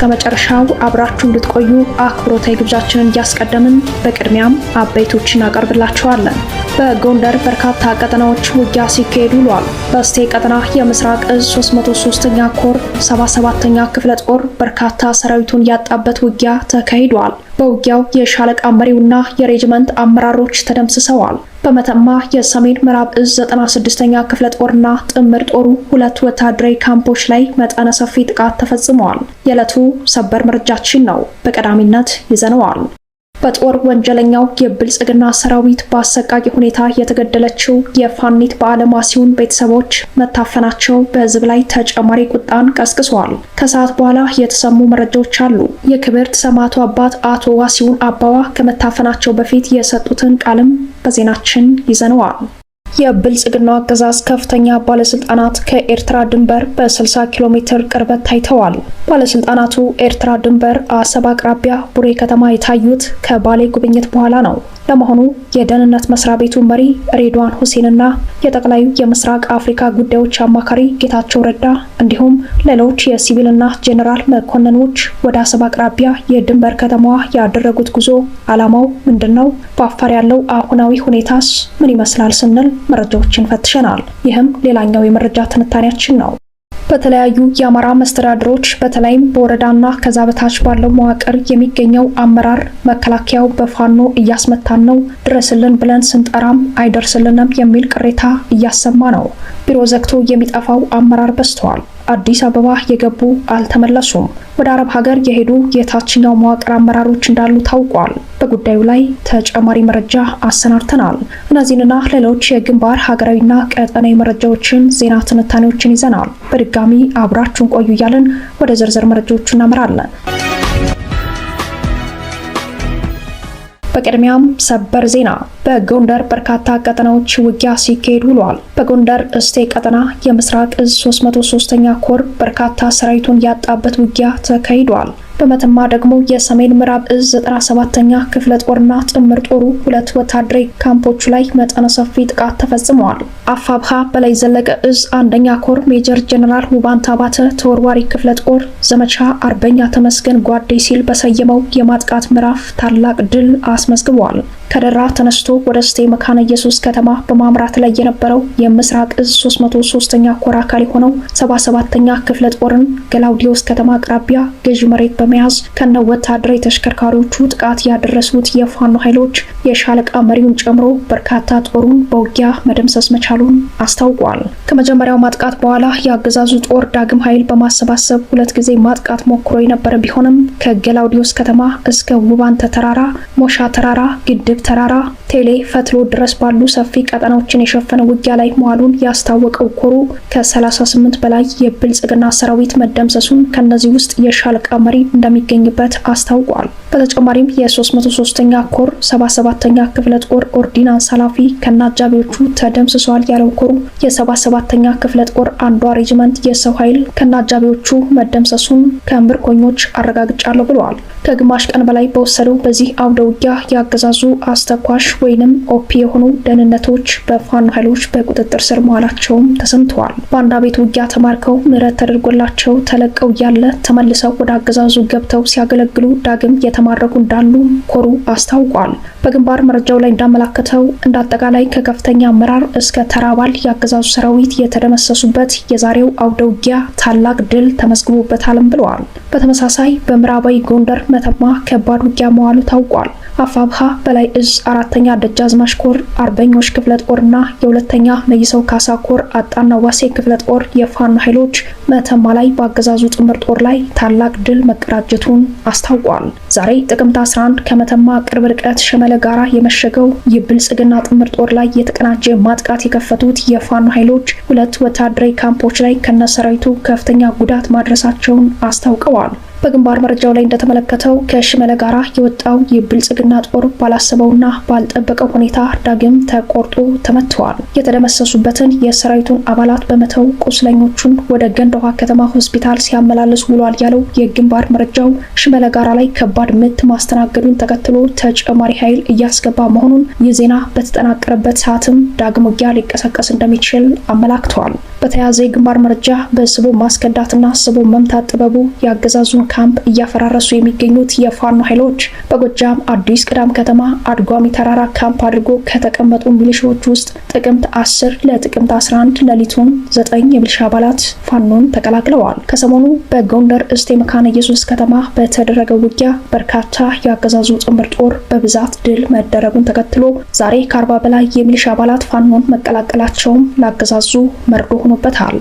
ከመጨረሻው አብራችሁ እንድትቆዩ አክብሮታዊ ግብዣችንን እያስቀደምን በቅድሚያም አበይቶችን አቀርብላችኋለን። በጎንደር በርካታ ቀጠናዎች ውጊያ ሲካሄዱ ውሏል። በስቴ ቀጠና የምስራቅ እዝ 303ኛ ኮር 77ኛ ክፍለ ጦር በርካታ ሰራዊቱን ያጣበት ውጊያ ተካሂዷል። በውጊያው የሻለቃ መሪውና የሬጅመንት አመራሮች ተደምስሰዋል። በመተማ የሰሜን ምዕራብ እዝ 96ኛ ክፍለ ጦርና ጥምር ጦሩ ሁለት ወታደራዊ ካምፖች ላይ መጠነ ሰፊ ጥቃት ተፈጽመዋል። የዕለቱ ሰበር መረጃችን ነው፣ በቀዳሚነት ይዘነዋል። በጦር ወንጀለኛው የብልጽግና ሰራዊት በአሰቃቂ ሁኔታ የተገደለችው የፋኒት በዓለማ ሲሆን ቤተሰቦች መታፈናቸው በህዝብ ላይ ተጨማሪ ቁጣን ቀስቅሷል። ከሰዓት በኋላ የተሰሙ መረጃዎች አሉ። የክብርት ሰማዕቱ አባት አቶ ዋሲሁን አባዋ ከመታፈናቸው በፊት የሰጡትን ቃልም በዜናችን ይዘነዋል። የብልጽግናው አገዛዝ ከፍተኛ ባለስልጣናት ከኤርትራ ድንበር በ60 ኪሎ ሜትር ቅርበት ታይተዋል። ባለስልጣናቱ ኤርትራ ድንበር አሰብ አቅራቢያ ቡሬ ከተማ የታዩት ከባሌ ጉብኝት በኋላ ነው። ለመሆኑ የደህንነት መስሪያ ቤቱ መሪ ሬድዋን ሁሴንና የጠቅላዩ የምስራቅ አፍሪካ ጉዳዮች አማካሪ ጌታቸው ረዳ እንዲሁም ሌሎች የሲቪልና ጄኔራል መኮንኖች ወደ አሰብ አቅራቢያ የድንበር ከተማዋ ያደረጉት ጉዞ ዓላማው ምንድን ነው? በአፋር ያለው አሁናዊ ሁኔታስ ምን ይመስላል? ስንል መረጃዎችን ፈትሸናል። ይህም ሌላኛው የመረጃ ትንታኔያችን ነው። በተለያዩ የአማራ መስተዳድሮች በተለይም በወረዳና ከዛ በታች ባለው መዋቅር የሚገኘው አመራር መከላከያው በፋኖ እያስመታን ነው፣ ድረስልን ብለን ስንጠራም አይደርስልንም የሚል ቅሬታ እያሰማ ነው። ቢሮ ዘግቶ የሚጠፋው አመራር በዝተዋል። አዲስ አበባ የገቡ አልተመለሱም። ወደ አረብ ሀገር የሄዱ የታችኛው መዋቅር አመራሮች እንዳሉ ታውቋል። በጉዳዩ ላይ ተጨማሪ መረጃ አሰናድተናል። እነዚህንና ሌሎች የግንባር ሀገራዊና ቀጠናዊ መረጃዎችን፣ ዜና ትንታኔዎችን ይዘናል። በድጋሚ አብራችሁን ቆዩ እያልን ወደ ዝርዝር መረጃዎቹ እናመራለን። በቅድሚያም ሰበር ዜና በጎንደር በርካታ ቀጠናዎች ውጊያ ሲካሄድ ውሏል። በጎንደር እስቴ ቀጠና የምስራቅ እዝ 303ኛ ኮር በርካታ ሰራዊቱን ያጣበት ውጊያ ተካሂዷል። በመተማ ደግሞ የሰሜን ምዕራብ እዝ 97ኛ ክፍለ ጦርና ጥምር ጦሩ ሁለት ወታደራዊ ካምፖች ላይ መጠነ ሰፊ ጥቃት ተፈጽመዋል። አፋብሃ በላይ ዘለቀ እዝ አንደኛ ኮር ሜጀር ጀነራል ሙባንታ ባተ ተወርዋሪ ክፍለ ጦር ዘመቻ አርበኛ ተመስገን ጓዴ ሲል በሰየመው የማጥቃት ምዕራፍ ታላቅ ድል አስመዝግቧል። ከደራ ተነስቶ ወደ እስቴ መካነ ኢየሱስ ከተማ በማምራት ላይ የነበረው የምስራቅ እዝ 303ኛ ኮር አካል የሆነው 77ኛ ክፍለ ጦርን ገላውዲዮስ ከተማ አቅራቢያ ገዢ መሬት በመያዝ ከነ ወታደራዊ ተሽከርካሪዎቹ ጥቃት ያደረሱት የፋኖ ኃይሎች የሻለቃ መሪውን ጨምሮ በርካታ ጦሩን በውጊያ መደምሰስ መቻሉን አስታውቋል። ከመጀመሪያው ማጥቃት በኋላ የአገዛዙ ጦር ዳግም ኃይል በማሰባሰብ ሁለት ጊዜ ማጥቃት ሞክሮ የነበረ ቢሆንም ከገላውዲዮስ ከተማ እስከ ውባንተ ተራራ፣ ሞሻ ተራራ ግድብ ተራራ፣ ቴሌ ፈትሎ ድረስ ባሉ ሰፊ ቀጠናዎችን የሸፈነ ውጊያ ላይ መዋሉን ያስታወቀው ኮሩ ከ38 በላይ የብልጽግና ሰራዊት መደምሰሱን ከነዚህ ውስጥ የሻለቃ መሪ እንደሚገኝበት አስታውቋል። በተጨማሪም የ303ኛ ኮር 77ኛ ክፍለ ጦር ኦርዲናንስ ኃላፊ ከናጃቢዎቹ ተደምስሰዋል ያለው ኮሩ የ77ኛ ክፍለ ጦር አንዷ ሬጅመንት የሰው ኃይል ከናጃቢዎቹ መደምሰሱን ከምርኮኞች አረጋግጫለሁ ብለዋል። ከግማሽ ቀን በላይ በወሰደው በዚህ አውደ ውጊያ ያገዛዙ አስተኳሽ ወይንም ኦፒ የሆኑ ደህንነቶች በፋኖ ኃይሎች በቁጥጥር ስር መዋላቸውም ተሰምተዋል። በአንድ ቤት ውጊያ ተማርከው ምህረት ተደርጎላቸው ተለቀው እያለ ተመልሰው ወደ አገዛዙ ገብተው ሲያገለግሉ ዳግም የተ እየተማረኩ እንዳሉ ኮሩ አስታውቋል። በግንባር መረጃው ላይ እንዳመላከተው እንደ አጠቃላይ ከከፍተኛ አመራር እስከ ተራባል የአገዛዙ ሰራዊት የተደመሰሱበት የዛሬው አውደ ውጊያ ታላቅ ድል ተመዝግቦበታልም ብለዋል። በተመሳሳይ በምዕራባዊ ጎንደር መተማ ከባድ ውጊያ መዋሉ ታውቋል። አፋብሃ በላይ እዝ አራተኛ ደጃዝማች ኮር አርበኞች ክፍለ ጦርና የሁለተኛ መይሰው ካሳ ኮር አጣና ዋሴ ክፍለ ጦር የፋኖ ኃይሎች መተማ ላይ በአገዛዙ ጥምር ጦር ላይ ታላቅ ድል መቀዳጀቱን አስታውቋል። ዛሬ ዛሬ ጥቅምት 11 ከመተማ ቅርብ ርቀት ሸመለ ጋራ የመሸገው የብልጽግና ጥምር ጦር ላይ የተቀናጀ ማጥቃት የከፈቱት የፋኖ ኃይሎች ሁለት ወታደራዊ ካምፖች ላይ ከነሰራዊቱ ከፍተኛ ጉዳት ማድረሳቸውን አስታውቀዋል። በግንባር መረጃው ላይ እንደተመለከተው ከሽመለ ጋራ የወጣው የብልጽግና ጦር ባላሰበውና ባልጠበቀው ሁኔታ ዳግም ተቆርጦ ተመትተዋል። የተደመሰሱበትን የሰራዊቱን አባላት በመተው ቁስለኞቹን ወደ ገንደዋ ውሃ ከተማ ሆስፒታል ሲያመላልስ ውሏል ያለው የግንባር መረጃው ሽመለ ጋራ ላይ ከባድ ምት ማስተናገዱን ተከትሎ ተጨማሪ ኃይል እያስገባ መሆኑን የዜና በተጠናቀረበት ሰዓትም ዳግም ውጊያ ሊቀሰቀስ እንደሚችል አመላክተዋል። በተያያዘ የግንባር መረጃ በስቦ ማስከዳትና ስቦ መምታት ጥበቡ ያገዛዙን ካምፕ እያፈራረሱ የሚገኙት የፋኖ ኃይሎች በጎጃም አዲስ ቅዳም ከተማ አድጓሚ ተራራ ካምፕ አድርጎ ከተቀመጡ ሚሊሻዎች ውስጥ ጥቅምት 10 ለጥቅምት 11 ሌሊቱን ዘጠኝ የሚሊሻ አባላት ፋኖን ተቀላቅለዋል። ከሰሞኑ በጎንደር እስቴ መካነ ኢየሱስ ከተማ በተደረገው ውጊያ በርካታ የአገዛዙ ጥምር ጦር በብዛት ድል መደረጉን ተከትሎ ዛሬ ከአርባ በላይ የሚሊሻ አባላት ፋኖን መቀላቀላቸውም ለአገዛዙ መርዶ ሆኖበታል።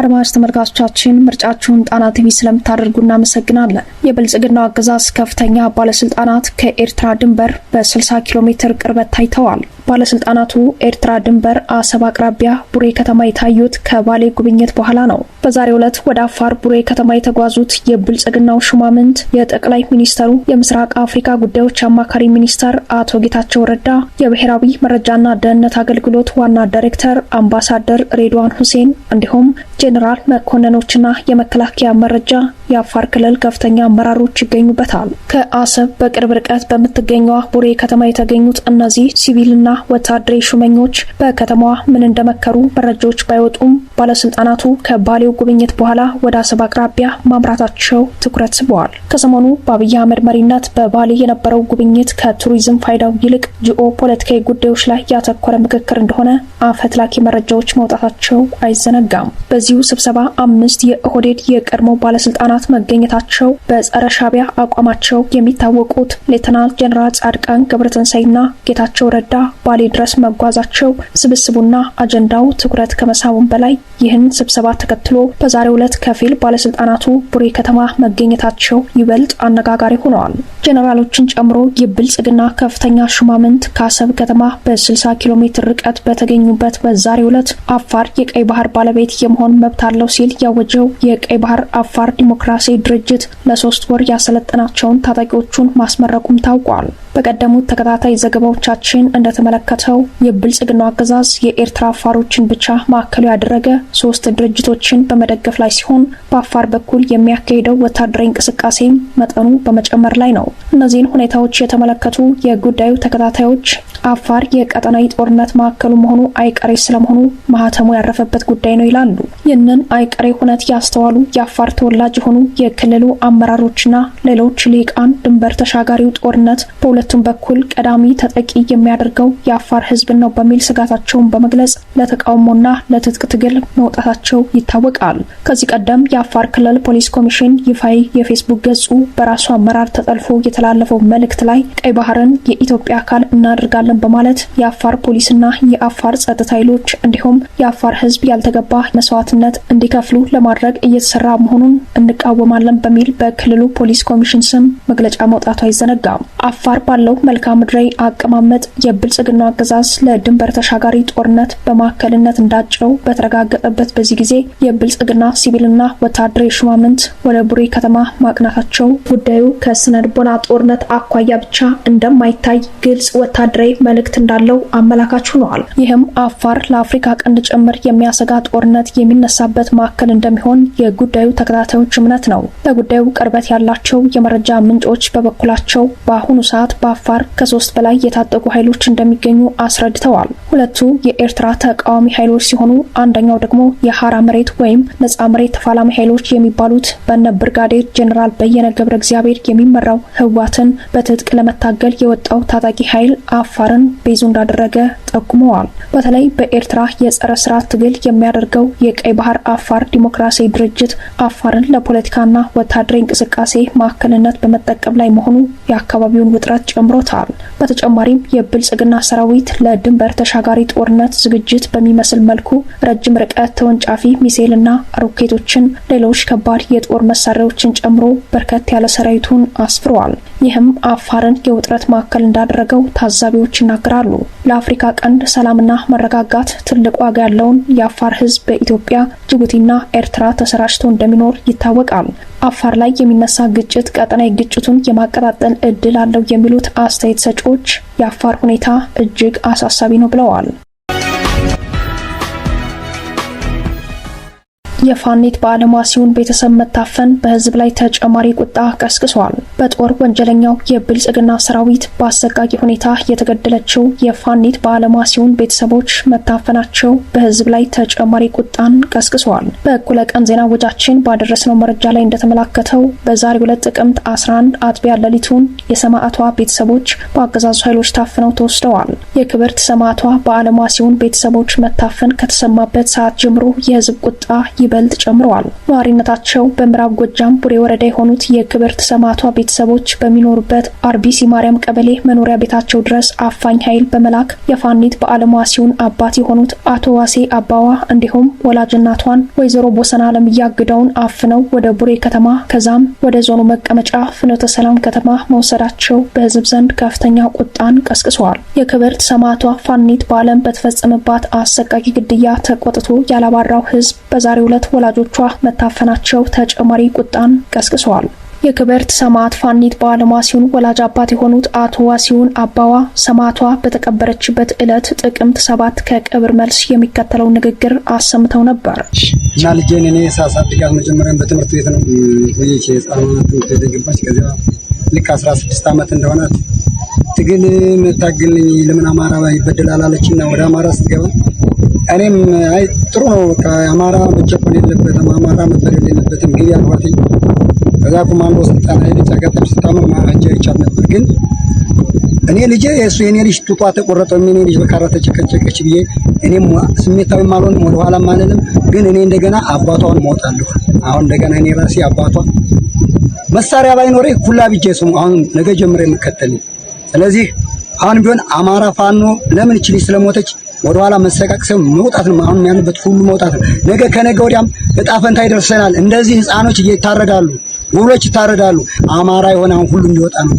አድማጭ ተመልካቾቻችን ምርጫችሁን ጣና ቲቪ ስለምታደርጉ እናመሰግናለን። የብልጽግናው አገዛዝ ከፍተኛ ባለስልጣናት ከኤርትራ ድንበር በ60 ኪሎ ሜትር ቅርበት ታይተዋል። ባለስልጣናቱ ኤርትራ ድንበር አሰብ አቅራቢያ ቡሬ ከተማ የታዩት ከባሌ ጉብኝት በኋላ ነው። በዛሬ ዕለት ወደ አፋር ቡሬ ከተማ የተጓዙት የብልጽግናው ሹማምንት የጠቅላይ ሚኒስተሩ የምስራቅ አፍሪካ ጉዳዮች አማካሪ ሚኒስተር አቶ ጌታቸው ረዳ፣ የብሔራዊ መረጃና ደህንነት አገልግሎት ዋና ዳይሬክተር አምባሳደር ሬድዋን ሁሴን እንዲሁም ጄኔራል መኮንኖችና የመከላከያ መረጃ የአፋር ክልል ከፍተኛ አመራሮች ይገኙበታል። ከአሰብ በቅርብ ርቀት በምትገኘዋ ቡሬ ከተማ የተገኙት እነዚህ ሲቪልና ወታደራዊ ሹመኞች በከተማዋ ምን እንደመከሩ መረጃዎች ባይወጡም ባለስልጣናቱ ከባሌው ጉብኝት በኋላ ወደ አሰብ አቅራቢያ ማምራታቸው ትኩረት ስበዋል። ከሰሞኑ በአብይ አህመድ መሪነት በባሌ የነበረው ጉብኝት ከቱሪዝም ፋይዳው ይልቅ ጂኦ ፖለቲካዊ ጉዳዮች ላይ ያተኮረ ምክክር እንደሆነ አፈትላኪ መረጃዎች መውጣታቸው አይዘነጋም። በዚሁ ስብሰባ አምስት የኦህዴድ የቀድሞ ባለስልጣናት መገኘታቸው በጸረ ሻቢያ አቋማቸው የሚታወቁት ሌተናል ጀኔራል ጻድቃን ገብረትንሳኤና ጌታቸው ረዳ ባሌ ድረስ መጓዛቸው ስብስቡና አጀንዳው ትኩረት ከመሳቡን በላይ ይህን ስብሰባ ተከትሎ በዛሬው ዕለት ከፊል ባለስልጣናቱ ቡሬ ከተማ መገኘታቸው ይበልጥ አነጋጋሪ ሆነዋል። ጄኔራሎችን ጨምሮ የብልጽግና ከፍተኛ ሹማምንት ከአሰብ ከተማ በ60 ኪሎ ሜትር ርቀት በተገኙበት በዛሬው ዕለት አፋር የቀይ ባህር ባለቤት የመሆን መብት አለው ሲል ያወጀው የቀይ ባህር አፋር ዲሞክራሲ ድርጅት ለሶስት ወር ያሰለጠናቸውን ታጣቂዎቹን ማስመረቁም ታውቋል። በቀደሙት ተከታታይ ዘገባዎቻችን እንደተመ እንደሚያመለከተው የብልጽግናው አገዛዝ የኤርትራ አፋሮችን ብቻ ማዕከሉ ያደረገ ሶስት ድርጅቶችን በመደገፍ ላይ ሲሆን በአፋር በኩል የሚያካሄደው ወታደራዊ እንቅስቃሴም መጠኑ በመጨመር ላይ ነው። እነዚህን ሁኔታዎች የተመለከቱ የጉዳዩ ተከታታዮች አፋር የቀጠናዊ ጦርነት ማዕከሉ መሆኑ አይቀሬ ስለመሆኑ ማህተሙ ያረፈበት ጉዳይ ነው ይላሉ። ይህንን አይቀሬ ሁነት ያስተዋሉ የአፋር ተወላጅ የሆኑ የክልሉ አመራሮችና ሌሎች ሊቃን ድንበር ተሻጋሪው ጦርነት በሁለቱም በኩል ቀዳሚ ተጠቂ የሚያደርገው የአፋር ህዝብን ነው በሚል ስጋታቸውን በመግለጽ ለተቃውሞና ለትጥቅ ትግል መውጣታቸው ይታወቃል። ከዚህ ቀደም የአፋር ክልል ፖሊስ ኮሚሽን ይፋይ የፌስቡክ ገጹ በራሱ አመራር ተጠልፎ የተላለፈው መልእክት ላይ ቀይ ባህርን የኢትዮጵያ አካል እናደርጋለን በማለት የአፋር ፖሊስና የአፋር ጸጥታ ኃይሎች እንዲሁም የአፋር ህዝብ ያልተገባ መስዋዕትነት እንዲከፍሉ ለማድረግ እየተሰራ መሆኑን እንቃወማለን በሚል በክልሉ ፖሊስ ኮሚሽን ስም መግለጫ መውጣቱ አይዘነጋም። አፋር ባለው መልክዓ ምድራዊ አቀማመጥ የብልጽግ የብልጽግና አገዛዝ ለድንበር ተሻጋሪ ጦርነት በማዕከልነት እንዳጨው በተረጋገጠበት በዚህ ጊዜ የብልጽግና ሲቪልና ወታደራዊ ሹማምንት ወደ ቡሬ ከተማ ማቅናታቸው ጉዳዩ ከስነ ልቦና ጦርነት አኳያ ብቻ እንደማይታይ ግልጽ ወታደራዊ መልእክት እንዳለው አመላካች ሆነዋል። ይህም አፋር ለአፍሪካ ቀንድ ጭምር የሚያሰጋ ጦርነት የሚነሳበት ማዕከል እንደሚሆን የጉዳዩ ተከታታዮች እምነት ነው። ለጉዳዩ ቅርበት ያላቸው የመረጃ ምንጮች በበኩላቸው በአሁኑ ሰዓት በአፋር ከሶስት በላይ የታጠቁ ኃይሎች እንደሚ እንደሚገኙ አስረድተዋል። ሁለቱ የኤርትራ ተቃዋሚ ኃይሎች ሲሆኑ አንደኛው ደግሞ የሀራ መሬት ወይም ነጻ መሬት ተፋላሚ ኃይሎች የሚባሉት በነ ብርጋዴር ጀኔራል በየነ ገብረ እግዚአብሔር የሚመራው ህወሓትን በትጥቅ ለመታገል የወጣው ታጣቂ ኃይል አፋርን ቤዙ እንዳደረገ ጠቁመዋል። በተለይ በኤርትራ የጸረ ስርዓት ትግል የሚያደርገው የቀይ ባህር አፋር ዲሞክራሲያዊ ድርጅት አፋርን ለፖለቲካና ወታደራዊ እንቅስቃሴ ማዕከልነት በመጠቀም ላይ መሆኑ የአካባቢውን ውጥረት ጨምሮታል። በተጨማሪም የብልጽግና ሰራዊት ለድንበር ተሻጋሪ ጦርነት ዝግጅት በሚመስል መልኩ ረጅም ርቀት ተወንጫፊ ሚሳኤልና ሮኬቶችን፣ ሌሎች ከባድ የጦር መሳሪያዎችን ጨምሮ በርከት ያለ ሰራዊቱን አስፍሯል። ይህም አፋርን የውጥረት ማዕከል እንዳደረገው ታዛቢዎች ይናገራሉ። ለአፍሪካ ቀንድ ሰላምና መረጋጋት ትልቅ ዋጋ ያለውን የአፋር ሕዝብ በኢትዮጵያ ጅቡቲና ኤርትራ ተሰራጭቶ እንደሚኖር ይታወቃል። አፋር ላይ የሚነሳ ግጭት ቀጠናዊ ግጭቱን የማቀጣጠል እድል አለው የሚሉት አስተያየት ሰጪዎች የአፋር ሁኔታ እጅግ አሳሳቢ ነው ብለዋል። የፋኒት በአለማ ሲሆን ቤተሰብ መታፈን በህዝብ ላይ ተጨማሪ ቁጣ ቀስቅሷል። በጦር ወንጀለኛው የብልጽግና ሰራዊት በአሰቃቂ ሁኔታ የተገደለችው የፋኒት በአለማ ሲሆን ቤተሰቦች መታፈናቸው በህዝብ ላይ ተጨማሪ ቁጣን ቀስቅሷል። በእኩለ ቀን ዜና ወጃችን ባደረስነው መረጃ ላይ እንደተመላከተው በዛሬ ሁለት ጥቅምት 11 አጥቢያ ሌሊቱን የሰማዕቷ ቤተሰቦች በአገዛዙ ኃይሎች ታፍነው ተወስደዋል። የክብርት ሰማዕቷ በአለማ ሲሆን ቤተሰቦች መታፈን ከተሰማበት ሰዓት ጀምሮ የህዝብ ቁጣ ይበ ይበልጥ ጨምረዋል። ነዋሪነታቸው በምዕራብ ጎጃም ቡሬ ወረዳ የሆኑት የክብርት ሰማዕቷ ቤተሰቦች በሚኖሩበት አርቢሲ ማርያም ቀበሌ መኖሪያ ቤታቸው ድረስ አፋኝ ኃይል በመላክ የፋኒት በአለም ዋሲውን አባት የሆኑት አቶ ዋሴ አባዋ እንዲሁም ወላጅናቷን ወይዘሮ ቦሰና አለም እያግደውን አፍነው ወደ ቡሬ ከተማ ከዛም ወደ ዞኑ መቀመጫ ፍኖተ ሰላም ከተማ መውሰዳቸው በህዝብ ዘንድ ከፍተኛ ቁጣን ቀስቅሰዋል። የክብርት ሰማዕቷ ፋኒት በአለም በተፈጸመባት አሰቃቂ ግድያ ተቆጥቶ ያላባራው ህዝብ በዛሬው ዕለት ሁለት ወላጆቿ መታፈናቸው ተጨማሪ ቁጣን ቀስቅሰዋል። የክብርት ሰማዕት ፋኒት ሲሆን ወላጅ አባት የሆኑት አቶ ዋሲሁን አባዋ ሰማዕቷ በተቀበረችበት ዕለት ጥቅምት ሰባት ከቀብር መልስ የሚከተለው ንግግር አሰምተው ነበር። እና ልጄን እኔ ሳሳድጋት መጀመሪያ በትምህርት ቤት ነው ቆየች። የህፃናት ትምህርት ቤት ገባች። ከዚያ ልክ አስራ ስድስት ዓመት እንደሆናት ትግል መታግል ለምን አማራ ይበደላል አለችና ወደ አማራ ስትገባ እኔም አይ ጥሩ ነው በቃ አማራ መጨቆን የለበትም አማራ መበደል የለበትም ግቢ አልኳትኝ። ከዛ ኮማንዶ ስልጠና የልጅ አጋጣሚ ስታመም አጀ ይቻል ነበር ግን እኔ ልጄ የእሱ የኔ ልጅ ጡቷ ተቆረጠ የኔ ልጅ በካራ ተጨቀጨቀች ብዬ እኔም ስሜታዊም አልሆንም ወደኋላም አልልም። ግን እኔ እንደገና አባቷን እሞታለሁ። አሁን እንደገና እኔ ራሴ አባቷ መሳሪያ ባይኖሬ ኩላ ብጄ ስሙ አሁን ነገ ጀምሬ የምከተል ስለዚህ አሁን ቢሆን አማራ ፋኖ ለምን ይችልኝ ስለሞተች ወደኋላ መሰቃቅ ሰው መውጣት ነው። አሁን ያለበት ሁሉ መውጣት ነው። ነገ ከነገ ወዲያም እጣ ፈንታ ይደርሰናል። እንደዚህ ህፃኖች ይታረዳሉ፣ ውሎች ይታረዳሉ። አማራ የሆነ አሁን ሁሉ እንዲወጣ ነው።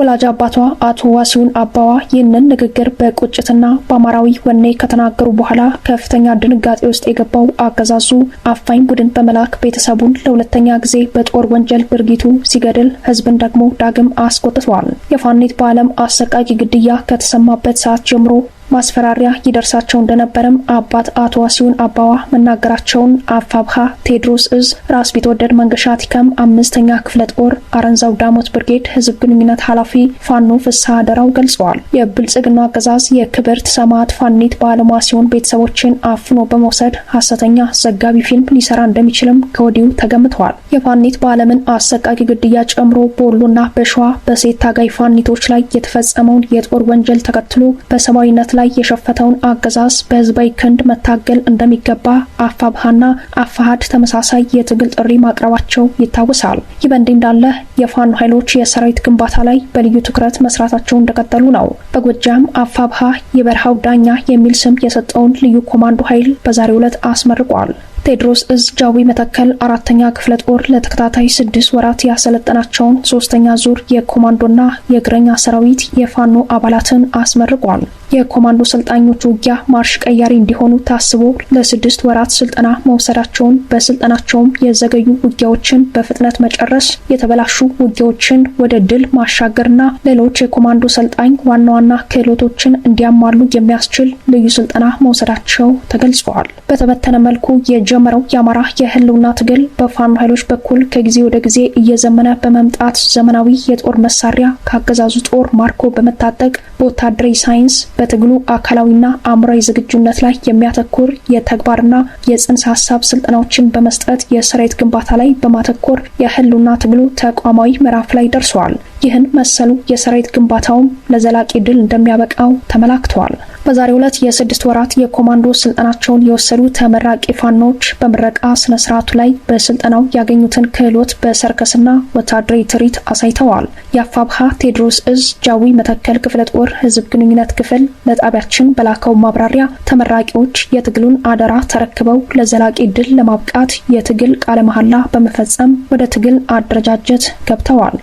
ወላጅ አባቷ አቶ ዋሲሁን አባዋ ይህንን ንግግር በቁጭትና በአማራዊ ወኔ ከተናገሩ በኋላ ከፍተኛ ድንጋጤ ውስጥ የገባው አገዛዙ አፋኝ ቡድን በመላክ ቤተሰቡን ለሁለተኛ ጊዜ በጦር ወንጀል ድርጊቱ ሲገድል ህዝብን ደግሞ ዳግም አስቆጥቷል። የፋኒት በዓለም አሰቃቂ ግድያ ከተሰማበት ሰዓት ጀምሮ ማስፈራሪያ ይደርሳቸው እንደነበረም አባት አቶ ዋሲሁን አባዋ መናገራቸውን አፋብሃ ቴዎድሮስ እዝ ራስ ቢትወደድ መንገሻ ቲከም አምስተኛ ክፍለ ጦር አረንዛው ዳሞት ብርጌድ ህዝብ ግንኙነት ኃላፊ ኃላፊ ፋኖ ፍስሐ ደራው ገልጸዋል። የብልጽግና አገዛዝ የክብርት ሰማዕት ፋኒት ባለሟ ሲሆን ቤተሰቦችን አፍኖ በመውሰድ ሀሰተኛ ዘጋቢ ፊልም ሊሰራ እንደሚችልም ከወዲሁ ተገምተዋል። የፋኒት በዓለምን አሰቃቂ ግድያ ጨምሮ በወሎና በሸዋ በሴት ታጋይ ፋኒቶች ላይ የተፈጸመውን የጦር ወንጀል ተከትሎ በሰብአዊነት ላይ የሸፈተውን አገዛዝ በህዝባዊ ክንድ መታገል እንደሚገባ አፋብሃና አፋሃድ ተመሳሳይ የትግል ጥሪ ማቅረባቸው ይታወሳል። ይህ በእንዲህ እንዳለ የፋኖ ኃይሎች የሰራዊት ግንባታ ላይ በልዩ ትኩረት መስራታቸውን እንደቀጠሉ ነው። በጎጃም አፋብሃ የበረሃው ዳኛ የሚል ስም የሰጠውን ልዩ ኮማንዶ ኃይል በዛሬው ዕለት አስመርቋል። ቴድሮስ እዝ ጃዊ መተከል አራተኛ ክፍለ ጦር ለተከታታይ ስድስት ወራት ያሰለጠናቸውን ሶስተኛ ዙር የኮማንዶና የእግረኛ ሰራዊት የፋኖ አባላትን አስመርቋል። የኮማንዶ ሰልጣኞች ውጊያ ማርሽ ቀያሪ እንዲሆኑ ታስቦ ለስድስት ወራት ስልጠና መውሰዳቸውን በስልጠናቸውም የዘገዩ ውጊያዎችን በፍጥነት መጨረስ፣ የተበላሹ ውጊያዎችን ወደ ድል ማሻገርና ሌሎች የኮማንዶ ሰልጣኝ ዋና ዋና ክህሎቶችን እንዲያሟሉ የሚያስችል ልዩ ስልጠና መውሰዳቸው ተገልጸዋል። በተበተነ መልኩ የጀመረው የአማራ የህልውና ትግል በፋኖ ኃይሎች በኩል ከጊዜ ወደ ጊዜ እየዘመነ በመምጣት ዘመናዊ የጦር መሳሪያ ከአገዛዙ ጦር ማርኮ በመታጠቅ በወታደራዊ ሳይንስ በትግሉ አካላዊና አእምራዊ ዝግጁነት ላይ የሚያተኩር የተግባርና የጽንሰ ሀሳብ ስልጠናዎችን በመስጠት የሰራዊት ግንባታ ላይ በማተኮር የህልውና ትግሉ ተቋማዊ ምዕራፍ ላይ ደርሰዋል። ይህን መሰሉ የሰራዊት ግንባታውም ለዘላቂ ድል እንደሚያበቃው ተመላክተዋል። በዛሬ ዕለት የስድስት ወራት የኮማንዶ ስልጠናቸውን የወሰዱ ተመራቂ ፋናዎች በምረቃ ስነ ስርዓቱ ላይ በስልጠናው ያገኙትን ክህሎት በሰርከስና ወታደራዊ ትርኢት አሳይተዋል። የአፋብሃ ቴዎድሮስ እዝ ጃዊ መተከል ክፍለ ጦር ህዝብ ግንኙነት ክፍል ለጣቢያችን በላከው ማብራሪያ ተመራቂዎች የትግሉን አደራ ተረክበው ለዘላቂ ድል ለማብቃት የትግል ቃለ መሐላ በመፈጸም ወደ ትግል አደረጃጀት ገብተዋል።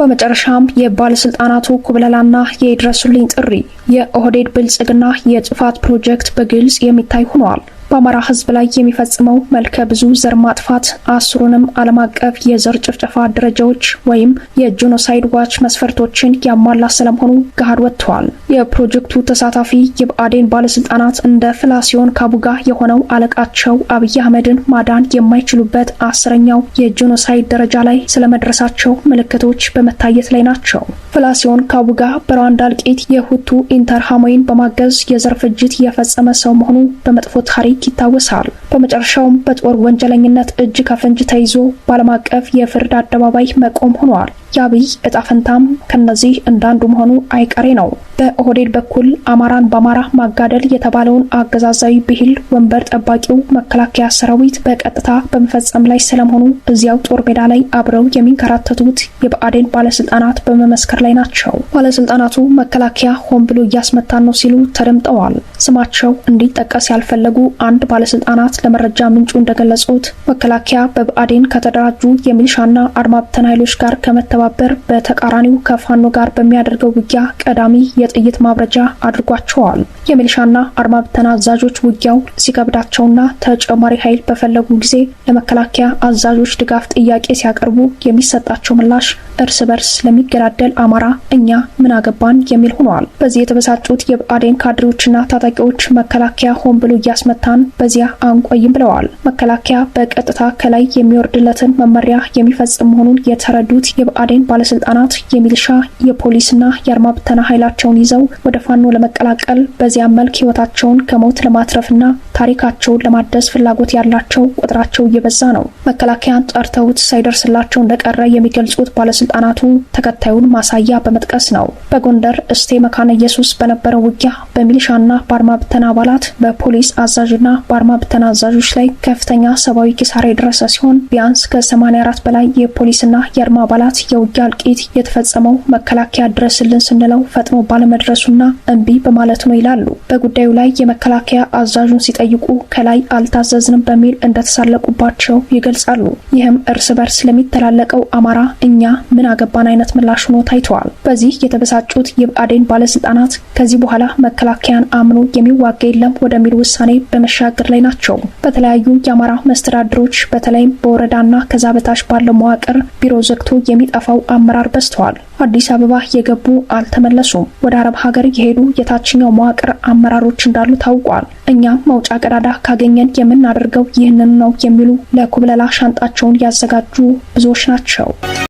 በመጨረሻም የባለስልጣናቱ ኩብለላና የድረሱልኝ ጥሪ የኦህዴድ ብልጽግና የጥፋት ፕሮጀክት በግልጽ የሚታይ ሆኗል። በአማራ ህዝብ ላይ የሚፈጽመው መልከ ብዙ ዘር ማጥፋት አስሩንም ዓለም አቀፍ የዘር ጭፍጨፋ ደረጃዎች ወይም የጄኖሳይድ ዋች መስፈርቶችን ያሟላ ስለመሆኑ ገሃድ ወጥተዋል። የፕሮጀክቱ ተሳታፊ የብአዴን ባለስልጣናት እንደ ፍላሲዮን ካቡጋ የሆነው አለቃቸው አብይ አህመድን ማዳን የማይችሉበት አስረኛው የጄኖሳይድ ደረጃ ላይ ስለመድረሳቸው ምልክቶች በመታየት ላይ ናቸው። ፍላሲዮን ካቡጋ በሩዋንዳ እልቂት የሁቱ ኢንተርሃሞይን በማገዝ የዘር ፍጅት የፈጸመ ሰው መሆኑ በመጥፎ ታሪክ ታሪክ ይታወሳል። በመጨረሻውም በጦር ወንጀለኝነት እጅ ከፍንጅ ተይዞ በዓለም አቀፍ የፍርድ አደባባይ መቆም ሆኗል። የአብይ እጣ ፈንታም ከነዚህ እንዳንዱ መሆኑ አይቀሬ ነው። በኦህዴድ በኩል አማራን በአማራ ማጋደል የተባለውን አገዛዛዊ ብሂል ወንበር ጠባቂው መከላከያ ሰራዊት በቀጥታ በመፈጸም ላይ ስለመሆኑ እዚያው ጦር ሜዳ ላይ አብረው የሚንከራተቱት የብአዴን ባለስልጣናት በመመስከር ላይ ናቸው። ባለስልጣናቱ መከላከያ ሆን ብሎ እያስመታን ነው ሲሉ ተደምጠዋል። ስማቸው እንዲጠቀስ ያልፈለጉ አ። አንድ ባለስልጣናት ለመረጃ ምንጩ እንደገለጹት መከላከያ በብአዴን ከተደራጁ የሚሊሻና አድማ ኃይሎች ጋር ከመተባበር በተቃራኒው ከፋኖ ጋር በሚያደርገው ውጊያ ቀዳሚ የጥይት ማብረጃ አድርጓቸዋል። የሚሊሻና አድማ አዛዦች ውጊያው ሲከብዳቸውና ተጨማሪ ኃይል በፈለጉ ጊዜ ለመከላከያ አዛዦች ድጋፍ ጥያቄ ሲያቀርቡ የሚሰጣቸው ምላሽ እርስ በርስ ለሚገዳደል አማራ እኛ ምን አገባን የሚል ሆኗል። በዚህ የተበሳጩት የብአዴን ካድሬዎችና ታጣቂዎች መከላከያ ሆን ብሎ እያስመታን እኛን በዚያ አንቆይም ብለዋል። መከላከያ በቀጥታ ከላይ የሚወርድለትን መመሪያ የሚፈጽም መሆኑን የተረዱት የብአዴን ባለስልጣናት የሚልሻ የፖሊስና የአርማብተና ብተና ኃይላቸውን ይዘው ወደ ፋኖ ለመቀላቀል በዚያ መልክ ህይወታቸውን ከሞት ለማትረፍና ታሪካቸውን ለማደስ ፍላጎት ያላቸው ቁጥራቸው እየበዛ ነው። መከላከያን ጠርተውት ሳይደርስላቸው እንደቀረ የሚገልጹት ባለስልጣናቱ ተከታዩን ማሳያ በመጥቀስ ነው። በጎንደር እስቴ መካነ ኢየሱስ በነበረው ውጊያ በሚሊሻና በአድማ ብተና አባላት በፖሊስ አዛዥና በአርማ ብተና አዛዦች ላይ ከፍተኛ ሰብአዊ ኪሳራ የደረሰ ሲሆን ቢያንስ ከ84 በላይ የፖሊስና የአርማ አባላት የውጊያ እልቂት የተፈጸመው መከላከያ ድረስልን ስንለው ፈጥኖ ባለመድረሱና እምቢ በማለት ነው ይላሉ። በጉዳዩ ላይ የመከላከያ አዛዡን ሲጠይቁ ከላይ አልታዘዝንም በሚል እንደተሳለቁባቸው ይገልጻሉ። ይህም እርስ በርስ ለሚተላለቀው አማራ እኛ ምን አገባን አይነት ምላሽ ሆኖ ታይተዋል። በዚህ የተበሳጩት የብአዴን ባለስልጣናት ከዚህ በኋላ መከላከያን አምኖ የሚዋጋ የለም ወደሚል ውሳኔ በመሻ ማሻገር ላይ ናቸው። በተለያዩ የአማራ መስተዳድሮች በተለይም በወረዳና ከዛ በታች ባለው መዋቅር ቢሮ ዘግቶ የሚጠፋው አመራር በዝተዋል። አዲስ አበባ የገቡ አልተመለሱም። ወደ አረብ ሀገር የሄዱ የታችኛው መዋቅር አመራሮች እንዳሉ ታውቋል። እኛ መውጫ ቀዳዳ ካገኘን የምናደርገው ይህንን ነው የሚሉ ለኩብለላ ሻንጣቸውን ያዘጋጁ ብዙዎች ናቸው።